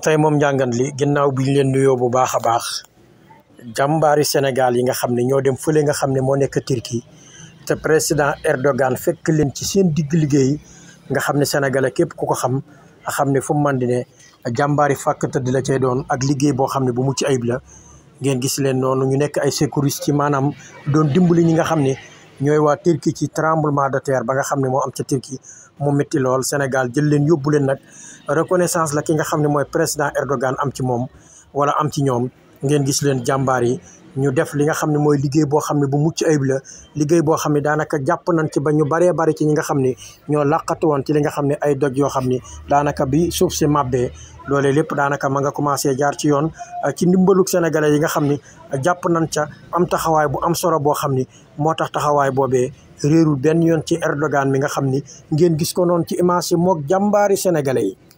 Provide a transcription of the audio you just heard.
tey moom njàngat li ginnaaw bi ñu leen nuyoo bu baax a baax jàmbaari Sénégal yi nga xam ne ñoo dem fële nga xam ne moo nekk Turquie te président Erdogan fekk leen ci seen digg liggéey nga xam ne sénégal képp ku ko xam xam ne fu mu mën di ne jàmbaari fàkk tëdd la cay doon ak liggéey boo xam ne bu mucc ayib la ngeen gis leen noonu ñu nekk ay sécuriste ci maanaam doon dimbali ñi nga xam ne ñooy waa Turquie ci tremblement de terre ba nga xam ne moo am ca Turquie moo métti lool Sénégal jël leen yóbbu leen nag. reconnaissance la ki nga xam ne mooy président Erdogan am ci moom wala am ci ñoom ngeen gis leen jàmbaar yi ñu def li nga xam ne mooy liggéey boo xam ne bu mucc ayib la liggéey boo xam ne daanaka jàpp nañ ci ba ñu baree bari ci ñi nga xam ne ñoo làqatu woon ci li nga xam ne ay doj yoo xam ne daanaka bi suuf si màbbee loole lépp daanaka ma nga commencé jaar ci yoon ci ndimbalug sénégalais yi nga xam ni jàpp nañ ca am taxawaay bu am solo boo xam ni moo tax taxawaay boobee réerul benn yoon ci Erdogan mi nga xam ni ngeen gis ko noonu ci image yi moog jàmbaari sénégalais yi